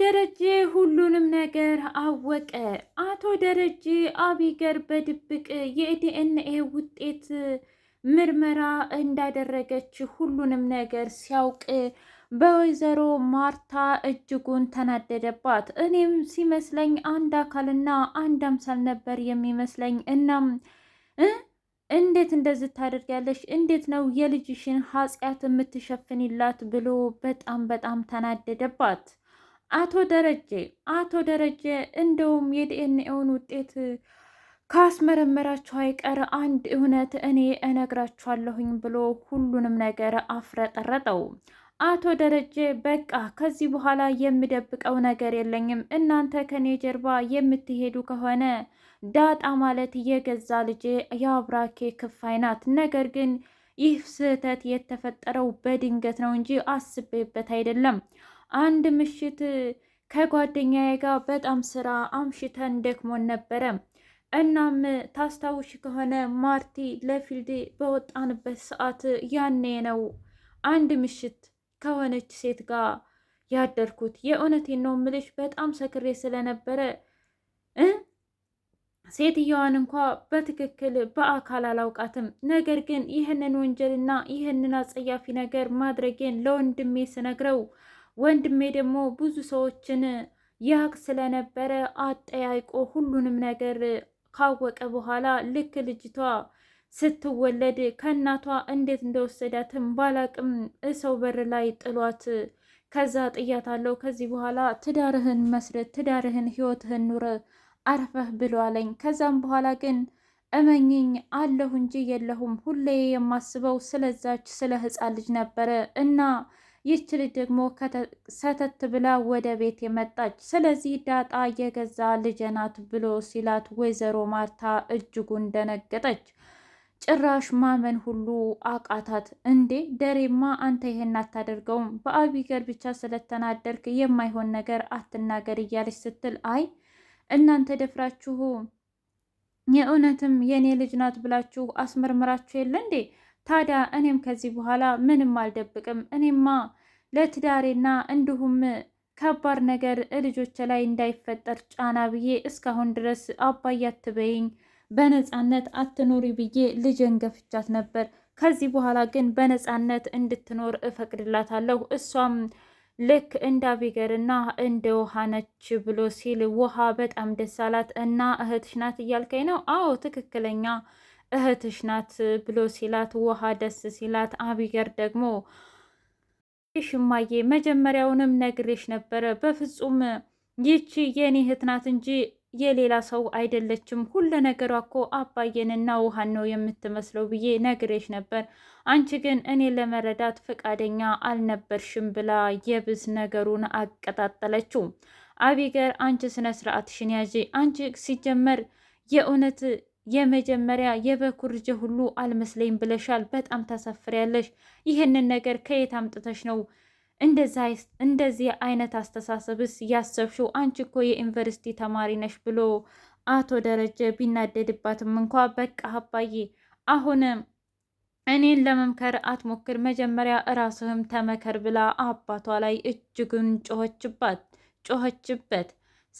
ደረጀ ሁሉንም ነገር አወቀ። አቶ ደረጀ አቢገር በድብቅ የዲኤንኤ ውጤት ምርመራ እንዳደረገች ሁሉንም ነገር ሲያውቅ በወይዘሮ ማርታ እጅጉን ተናደደባት። እኔም ሲመስለኝ አንድ አካልና አንድ አምሳል ነበር የሚመስለኝ። እናም እንዴት እንደዚህ ታደርጊያለሽ? እንዴት ነው የልጅሽን ኃጢአት የምትሸፍንላት? ብሎ በጣም በጣም ተናደደባት። አቶ ደረጀ አቶ ደረጀ እንደውም የዲኤንኤውን ውጤት ካስመረመራችሁ አይቀር አንድ እውነት እኔ እነግራችኋለሁኝ ብሎ ሁሉንም ነገር አፍረጠረጠው። አቶ ደረጀ በቃ ከዚህ በኋላ የምደብቀው ነገር የለኝም። እናንተ ከኔ ጀርባ የምትሄዱ ከሆነ ዳጣ ማለት የገዛ ልጄ የአብራኬ ክፋይ ናት። ነገር ግን ይህ ስህተት የተፈጠረው በድንገት ነው እንጂ አስቤበት አይደለም። አንድ ምሽት ከጓደኛዬ ጋር በጣም ስራ አምሽተን ደክሞን ነበረ። እናም ታስታውሽ ከሆነ ማርቲ ለፊልድ በወጣንበት ሰዓት ያኔ ነው አንድ ምሽት ከሆነች ሴት ጋር ያደርኩት። የእውነቴን ነው ምልሽ በጣም ሰክሬ ስለነበረ እ ሴትየዋን እንኳ በትክክል በአካል አላውቃትም። ነገር ግን ይህንን ወንጀልና ይህንን አጸያፊ ነገር ማድረጌን ለወንድሜ ስነግረው ወንድሜ ደግሞ ብዙ ሰዎችን ያቅ ስለነበረ አጠያይቆ ሁሉንም ነገር ካወቀ በኋላ ልክ ልጅቷ ስትወለድ ከእናቷ እንዴት እንደወሰዳትም ባላቅም እሰው በር ላይ ጥሏት ከዛ ጥያት አለው። ከዚህ በኋላ ትዳርህን መስረት፣ ትዳርህን ህይወትህን ኑረ አርፈህ ብሎ አለኝ። ከዛም በኋላ ግን እመኝኝ አለሁ እንጂ የለሁም። ሁሌ የማስበው ስለዛች ስለ ህፃን ልጅ ነበረ እና ይህች ልጅ ደግሞ ሰተት ብላ ወደ ቤት የመጣች ስለዚህ ዳጣ የገዛ ልጄ ናት ብሎ ሲላት ወይዘሮ ማርታ እጅጉን ደነገጠች። ጭራሽ ማመን ሁሉ አቃታት። እንዴ ደሬማ አንተ ይሄን አታደርገውም፣ ገር ብቻ ስለተናደርክ የማይሆን ነገር አትናገር እያለች ስትል አይ እናንተ ደፍራችሁ የእውነትም የእኔ ልጅ ናት ብላችሁ አስመርምራችሁ የለ እንዴ ታዲያ እኔም ከዚህ በኋላ ምንም አልደብቅም። እኔማ ለትዳሬና እንዲሁም ከባድ ነገር ልጆች ላይ እንዳይፈጠር ጫና ብዬ እስካሁን ድረስ አባዬ አትበይኝ፣ በነፃነት አትኖሪ ብዬ ልጄን ገፍቻት ነበር። ከዚህ በኋላ ግን በነፃነት እንድትኖር እፈቅድላታለሁ። እሷም ልክ እንደ አቢገርና እንደ ውሃ ነች ብሎ ሲል ውሃ በጣም ደስ አላት እና እህትሽ ናት እያልከኝ ነው? አዎ ትክክለኛ እህትሽ ናት ብሎ ሲላት፣ ውሃ ደስ ሲላት፣ አቢገር ደግሞ ሽማዬ መጀመሪያውንም ነግሬሽ ነበረ፣ በፍጹም ይቺ የኔ እህት ናት እንጂ የሌላ ሰው አይደለችም። ሁሉ ነገሯ እኮ አባዬንና ውሃን ነው የምትመስለው ብዬ ነግሬሽ ነበር። አንቺ ግን እኔ ለመረዳት ፈቃደኛ አልነበርሽም ብላ የብስ ነገሩን አቀጣጠለችው። አቢገር አንቺ ስነ ስርዓትሽን አንቺ ሲጀመር የእውነት የመጀመሪያ የበኩር ልጅ ሁሉ አልመስለኝ ብለሻል። በጣም ታሳፍሪያለሽ። ይህንን ነገር ከየት አምጥተሽ ነው እንደዚህ አይነት አስተሳሰብስ ያሰብሽው? አንቺ እኮ የዩኒቨርሲቲ ተማሪ ነሽ ብሎ አቶ ደረጀ ቢናደድባትም እንኳ በቃ አባዬ አሁን እኔን ለመምከር አትሞክር፣ መጀመሪያ እራስህም ተመከር ብላ አባቷ ላይ እጅጉን ጮኸችባት ጮኸችበት።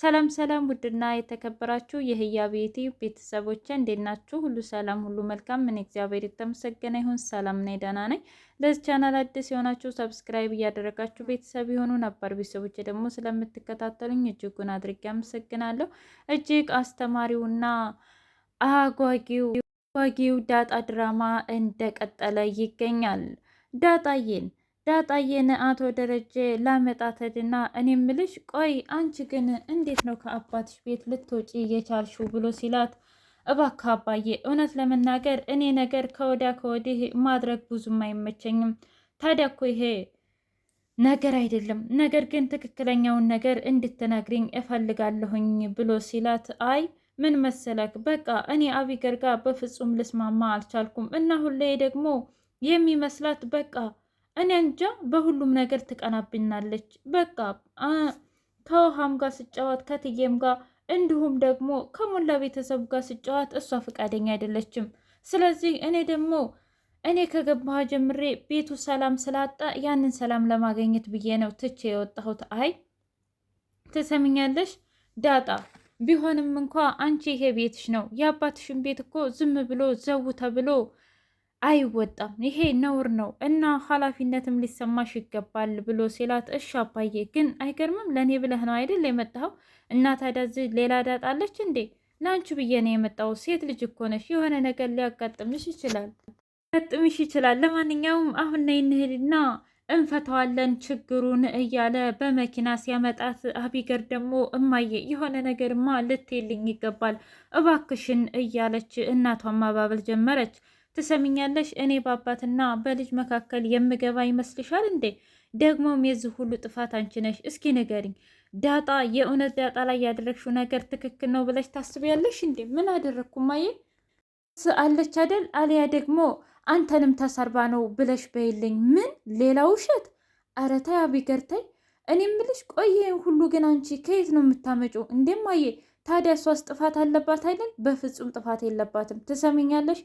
ሰላም ሰላም፣ ውድና የተከበራችሁ የህያ ቤቴ ቤተሰቦቼ እንዴት ናችሁ? ሁሉ ሰላም፣ ሁሉ መልካም። ምን እግዚአብሔር የተመሰገነ ይሁን። ሰላም ነኝ፣ ደህና ነኝ። ለዚህ ቻናል አዲስ የሆናችሁ ሰብስክራይብ እያደረጋችሁ ቤተሰብ የሆኑ ነባር ቤተሰቦች ደግሞ ስለምትከታተሉኝ እጅጉን አድርጌ አመሰግናለሁ። እጅግ አስተማሪውና አጓጊው አጓጊው ዳጣ ድራማ እንደቀጠለ ይገኛል። ዳጣዬን ዳጣዬን አቶ ደረጀ ላመጣተድና እኔ ምልሽ ቆይ አንቺ ግን እንዴት ነው ከአባትሽ ቤት ልትወጪ የቻልሽው ብሎ ሲላት እባክህ አባዬ እውነት ለመናገር እኔ ነገር ከወዲያ ከወዲህ ማድረግ ብዙም አይመቸኝም። ታዲያ እኮ ይሄ ነገር አይደለም፣ ነገር ግን ትክክለኛውን ነገር እንድትነግሪኝ እፈልጋለሁኝ ብሎ ሲላት አይ ምን መሰለክ በቃ እኔ አቢገር ጋር በፍጹም ልስማማ አልቻልኩም እና ሁሌ ደግሞ የሚመስላት በቃ እኔ እንጃ በሁሉም ነገር ትቀናብናለች። በቃ ከውሃም ጋር ስጫወት ከትዬም ጋር እንዲሁም ደግሞ ከሞላ ቤተሰቡ ጋር ስጫወት እሷ ፈቃደኛ አይደለችም። ስለዚህ እኔ ደግሞ እኔ ከገባሁ ጀምሬ ቤቱ ሰላም ስላጣ ያንን ሰላም ለማገኘት ብዬ ነው ትቼ የወጣሁት። አይ ትሰምኛለሽ ዳጣ፣ ቢሆንም እንኳ አንቺ ይሄ ቤትሽ ነው። የአባትሽን ቤት እኮ ዝም ብሎ ዘው ተብሎ አይወጣም፣ ይሄ ነውር ነው እና ኃላፊነትም ሊሰማሽ ይገባል ብሎ ሲላት፣ እሺ አባዬ ግን አይገርምም ለእኔ ብለህ ነው አይደል የመጣኸው? እና ታዲያ እዚህ ሌላ ዳጣለች እንዴ? ለአንቺ ብዬ ነው የመጣው። ሴት ልጅ እኮ ነሽ፣ የሆነ ነገር ሊያጋጥምሽ ይችላል ሊያጋጥምሽ ይችላል። ለማንኛውም አሁን ነይ እንሂድና እንፈተዋለን ችግሩን እያለ በመኪና ሲያመጣት፣ አቢገር ደግሞ እማዬ የሆነ ነገርማ ልትልኝ ይገባል እባክሽን እያለች እናቷን ማባበል ጀመረች። ትሰሚኛለሽ? እኔ በአባትና በልጅ መካከል የምገባ ይመስልሻል እንዴ? ደግሞም የዚህ ሁሉ ጥፋት አንቺ ነሽ። እስኪ ንገሪኝ ዳጣ፣ የእውነት ዳጣ ላይ ያደረግሽው ነገር ትክክል ነው ብለሽ ታስቢያለሽ እንዴ? ምን አደረግኩ ማየ አለች አደል አሊያ ደግሞ አንተንም ተሰርባ ነው ብለሽ በይልኝ። ምን ሌላ ውሸት? ኧረ ተይ አቢገርተይ እኔ ምልሽ ቆየ ሁሉ ግን አንቺ ከየት ነው የምታመጪው? እንደማየ ታዲያ እሷስ ጥፋት አለባት አይደል? በፍጹም ጥፋት የለባትም። ትሰሚኛለሽ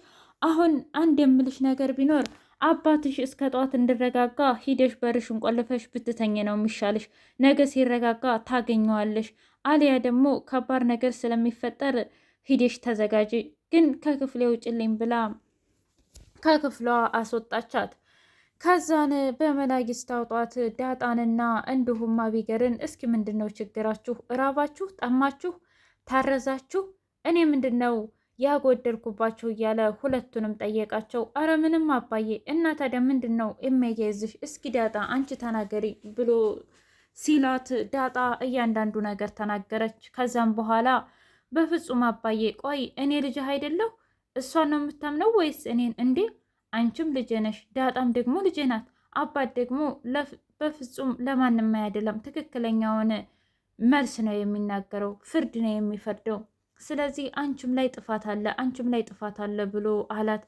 አሁን አንድ የምልሽ ነገር ቢኖር አባትሽ እስከ ጠዋት እንዲረጋጋ ሂደሽ በርሽን ቆልፈሽ ብትተኝ ነው የሚሻልሽ። ነገ ሲረጋጋ ታገኘዋለሽ። አሊያ ደግሞ ከባድ ነገር ስለሚፈጠር ሂደሽ ተዘጋጂ። ግን ከክፍሌ ውጭልኝ ብላ ከክፍሏ አስወጣቻት። ከዛን በመላጊስ ስታውጧት ዳጣንና እንዲሁም አቢገርን እስኪ ምንድን ነው ችግራችሁ? እራባችሁ? ጠማችሁ? ታረዛችሁ? እኔ ምንድን ነው ያጎደልኩባቸው እያለ ሁለቱንም ጠየቃቸው። አረ ምንም አባዬ። እና ታዲያ ምንድን ነው የሚያያይዝሽ? እስኪ ዳጣ አንቺ ተናገሪ ብሎ ሲላት ዳጣ እያንዳንዱ ነገር ተናገረች። ከዛም በኋላ በፍጹም አባዬ፣ ቆይ እኔ ልጅ አይደለሁ? እሷን ነው የምታምነው ወይስ እኔን? እንዴ አንቺም ልጄ ነሽ፣ ዳጣም ደግሞ ልጄ ናት። አባት ደግሞ በፍጹም ለማንም አይደለም፣ ትክክለኛውን መልስ ነው የሚናገረው፣ ፍርድ ነው የሚፈርደው ስለዚህ አንቺም ላይ ጥፋት አለ፣ አንቺም ላይ ጥፋት አለ ብሎ አላት።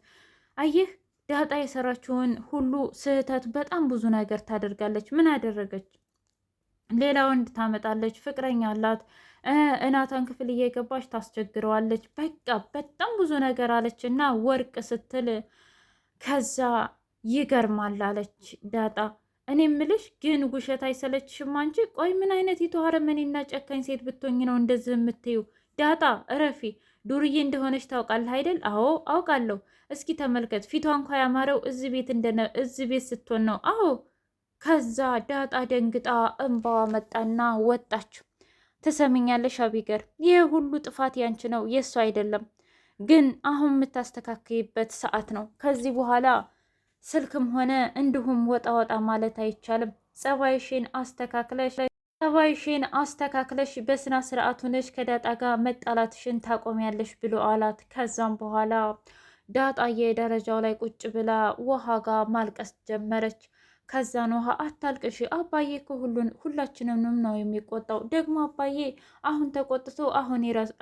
አየህ ዳጣ የሰራችውን ሁሉ ስህተት፣ በጣም ብዙ ነገር ታደርጋለች። ምን አደረገች? ሌላ ወንድ ታመጣለች፣ ፍቅረኛ አላት፣ እናቷን ክፍል እየገባች ታስቸግረዋለች። በቃ በጣም ብዙ ነገር አለች እና ወርቅ ስትል ከዛ ይገርማል አለች ዳጣ። እኔ ምልሽ ግን ውሸት አይሰለችሽም አንቺ? ቆይ ምን አይነት የተዋረመኔና ጨካኝ ሴት ብትሆኝ ነው እንደዚህ የምትይው? ዳጣ እረፊ፣ ዱርዬ እንደሆነች ታውቃለህ አይደል? አዎ አውቃለሁ። እስኪ ተመልከት፣ ፊቷ እንኳ ያማረው እዚህ ቤት እንደነ እዚህ ቤት ስትሆን ነው። አዎ። ከዛ ዳጣ ደንግጣ እንባዋ መጣና ወጣች። ትሰምኛለሽ አቢገር፣ ይህ ሁሉ ጥፋት ያንቺ ነው፣ የእሱ አይደለም። ግን አሁን የምታስተካክይበት ሰዓት ነው። ከዚህ በኋላ ስልክም ሆነ እንዲሁም ወጣ ወጣ ማለት አይቻልም። ጸባይሽን አስተካክለሽ ጸባይሽን አስተካክለሽ በስነ ስርዓት ሆነሽ ከዳጣ ጋር መጣላትሽን ታቆሚያለሽ ብሎ አላት። ከዛም በኋላ ዳጣዬ ደረጃው ላይ ቁጭ ብላ ውሃ ጋር ማልቀስ ጀመረች። ከዛን ውሃ አታልቅሽ አባዬ እኮ ሁሉን ሁላችንንም ነው የሚቆጣው። ደግሞ አባዬ አሁን ተቆጥቶ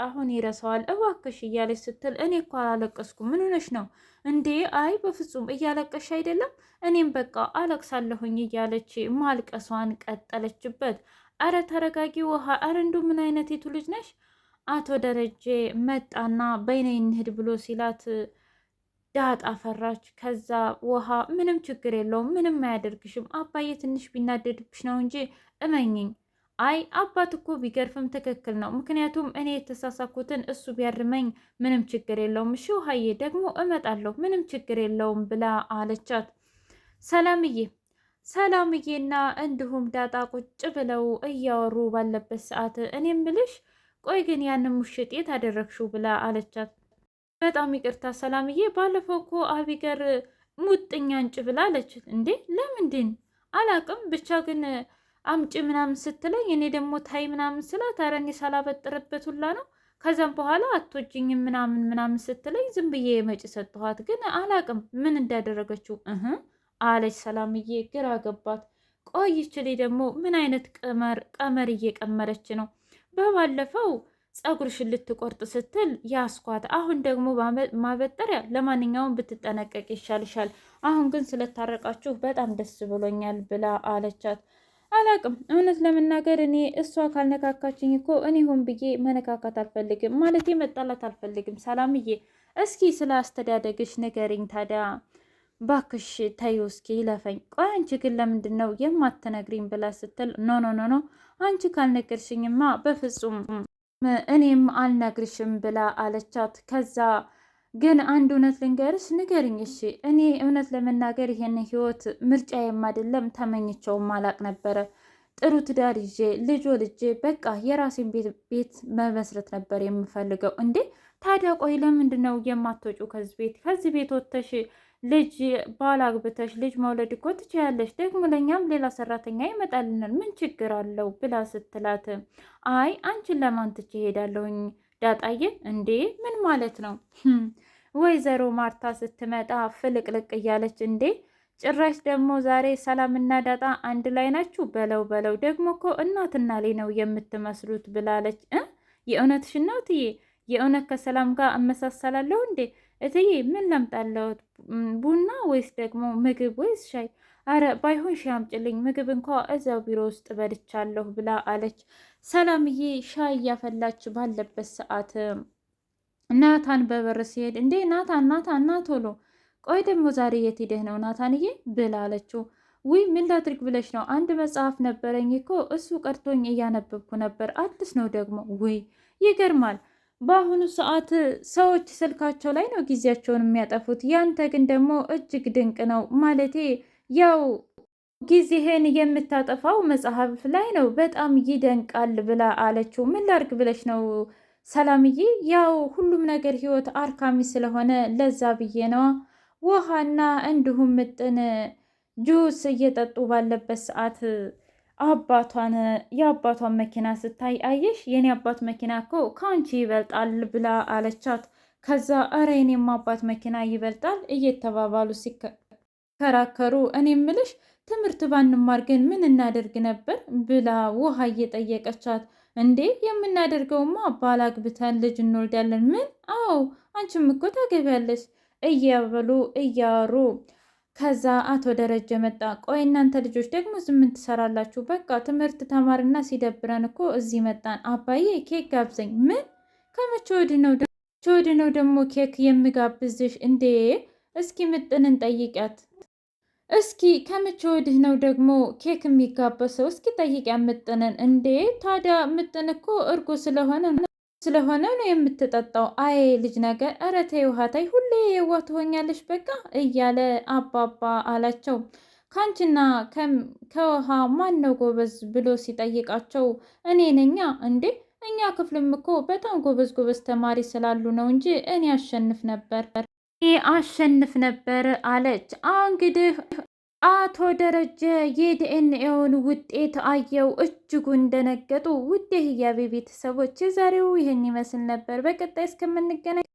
አሁን ይረሳዋል እባክሽ እያለች ስትል እኔ እኮ አላለቀስኩ ምን ሆነሽ ነው እንዴ? አይ በፍጹም እያለቀሽ አይደለም እኔም በቃ አለቅሳለሁኝ እያለች ማልቀሷን ቀጠለችበት። አረ ተረጋጊ ውሃ፣ አረ እንዱ ምን አይነት የቱ ልጅ ነሽ? አቶ ደረጀ መጣና በይነ እንሂድ ብሎ ሲላት ዳጣ ፈራች። ከዛ ውሃ ምንም ችግር የለውም ምንም አያደርግሽም፣ አባዬ ትንሽ ቢናደድብሽ ነው እንጂ እመኝኝ። አይ አባት እኮ ቢገርፍም ትክክል ነው፣ ምክንያቱም እኔ የተሳሳኩትን እሱ ቢያርመኝ ምንም ችግር የለውም። እሺ ውሃዬ ደግሞ እመጣለሁ፣ ምንም ችግር የለውም ብላ አለቻት ሰላምዬ ሰላምዬና እንዲሁም ዳጣ ቁጭ ብለው እያወሩ ባለበት ሰዓት እኔም ብልሽ ቆይ ግን ያንን ሙሽጥ የት አደረግሽው ብላ አለቻት። በጣም ይቅርታ ሰላምዬ፣ ባለፈው እኮ አቢገር ሙጥኛ አንጭ ብላ አለች። እንዴ ለምንድን አላቅም ብቻ ግን አምጪ ምናምን ስትለኝ እኔ ደግሞ ታይ ምናምን ስላት ኧረ እኔ ሳላበጥርበት ሁላ ነው። ከዛም በኋላ አቶጅኝ ምናምን ምናምን ስትለኝ ዝም ብዬ መጪ ሰጥኋት፣ ግን አላቅም ምን እንዳደረገችው አለች ሰላምዬ። ግራ ገባት። ቆይ ይች ደግሞ ምን አይነት ቀመር ቀመር እየቀመረች ነው? በባለፈው ጸጉርሽን ልትቆርጥ ስትል ያስኳት፣ አሁን ደግሞ ማበጠሪያ። ለማንኛውም ብትጠነቀቅ ይሻልሻል። አሁን ግን ስለታረቃችሁ በጣም ደስ ብሎኛል ብላ አለቻት። አላቅም እውነት ለመናገር እኔ እሷ ካልነካካችኝ እኮ እኔ ሆን ብዬ መነካካት አልፈልግም፣ ማለት መጣላት አልፈልግም። ሰላምዬ፣ እስኪ ስለ አስተዳደግሽ ንገሪኝ ታዲያ ባክሽ ተይው እስኪ ይለፈኝ። ቆይ አንቺ ግን ለምንድን ነው የማትነግሪኝ ብላ ስትል ኖ ኖ ኖ ኖ አንቺ ካልነገርሽኝማ በፍጹም እኔም አልነግርሽም ብላ አለቻት። ከዛ ግን አንድ እውነት ልንገርሽ፣ ንገርኝ እሺ። እኔ እውነት ለመናገር ይሄን ህይወት ምርጫዬም አይደለም ተመኝቸውም አላቅ ነበረ። ጥሩ ትዳር ይዤ ልጆ ልጄ በቃ የራሴን ቤት መመስረት ነበር የምፈልገው። እንዴ ታዲያ ቆይ ለምንድን ነው የማትወጪው ከዚህ ቤት? ከዚህ ቤት ወጥተሽ ልጅ ባል አግብተሽ ልጅ መውለድ እኮ ትችያለሽ፣ ደግሞ ለእኛም ሌላ ሰራተኛ ይመጣልናል፣ ምን ችግር አለው ብላ ስትላት፣ አይ አንቺን ለማን ትቼ እሄዳለሁኝ ዳጣዬ። እንዴ ምን ማለት ነው? ወይዘሮ ማርታ ስትመጣ ፍልቅልቅ እያለች እንዴ ጭራሽ ደግሞ ዛሬ ሰላምና ዳጣ አንድ ላይ ናችሁ? በለው በለው፣ ደግሞ እኮ እናትና ላይ ነው የምትመስሉት ብላለች። የእውነትሽ ነው የእውነት ከሰላም ጋር እመሳሰላለሁ እንዴ? እትዬ ምን ለምጣለውት ቡና ወይስ ደግሞ ምግብ ወይስ ሻይ? አረ ባይሆን ሻይ አምጪልኝ፣ ምግብ እንኳ እዛው ቢሮ ውስጥ በልቻለሁ ብላ አለች። ሰላምዬ ሻይ እያፈላች ባለበት ሰዓት ናታን በበር ሲሄድ፣ እንዴ ናታን ናታን ና ቶሎ ቆይ ደግሞ ዛሬ የት ሄደህ ነው ናታንዬ? ብላ አለችው። ውይ ምን ላድርግ ብለሽ ነው? አንድ መጽሐፍ ነበረኝ እኮ እሱ ቀርቶኝ እያነበብኩ ነበር። አዲስ ነው ደግሞ። ውይ ይገርማል። በአሁኑ ሰዓት ሰዎች ስልካቸው ላይ ነው ጊዜያቸውን የሚያጠፉት። ያንተ ግን ደግሞ እጅግ ድንቅ ነው። ማለቴ ያው ጊዜህን የምታጠፋው መጽሐፍ ላይ ነው። በጣም ይደንቃል ብላ አለችው። ምን ላርግ ብለሽ ነው ሰላምዬ? ያው ሁሉም ነገር ህይወት አርካሚ ስለሆነ ለዛ ብዬ ነዋ። ውሃና እንዲሁም ምጥን ጁስ እየጠጡ ባለበት ሰዓት አባቷን የአባቷን መኪና ስታይ አየሽ የኔ አባት መኪና እኮ ከአንቺ ይበልጣል ብላ አለቻት። ከዛ እረ የኔም አባት መኪና ይበልጣል እየተባባሉ ሲከራከሩ እኔ ምልሽ ትምህርት ባንማር ግን ምን እናደርግ ነበር ብላ ውሃ እየጠየቀቻት እንዴ የምናደርገውማ ባላግብተን አግብተን ልጅ እንወልዳለን። ምን? አዎ አንቺም እኮ ታገቢያለሽ እያበሉ እያወሩ ከዛ አቶ ደረጀ መጣ። ቆይ እናንተ ልጆች ደግሞ ዝም ትሰራላችሁ? በቃ ትምህርት ተማርና ሲደብረን እኮ እዚህ መጣን። አባዬ ኬክ ጋብዘኝ። ምን ከመቼ ነው ደግሞ ኬክ የምጋብዝሽ እንዴ? እስኪ ምጥንን ጠይቂያት። እስኪ ከመቼ ወዲህ ነው ደግሞ ኬክ የሚጋበሰው? እስኪ ጠይቂያት ምጥንን። እንዴ ታዲያ ምጥን እኮ እርጎ ስለሆነ ስለሆነ ነው የምትጠጣው። አይ ልጅ ነገር ኧረ ተይ ውሃ ታይ ሁሌ የዋ ትሆኛለሽ በቃ እያለ አባባ አላቸው። ካንቺና ከውሃ ማን ነው ጎበዝ ብሎ ሲጠይቃቸው እኔ ነኛ እንዴ እኛ ክፍልም እኮ በጣም ጎበዝ ጎበዝ ተማሪ ስላሉ ነው እንጂ እኔ አሸንፍ ነበር፣ አሸንፍ ነበር አለች። እንግዲህ አቶ ደረጀ የዲኤንኤውን ውጤት አየው፣ እጅጉን ደነገጡ። ውድ የህያቤ ቤተሰቦች የዛሬው ይህን ይመስል ነበር። በቀጣይ እስከምንገናኝ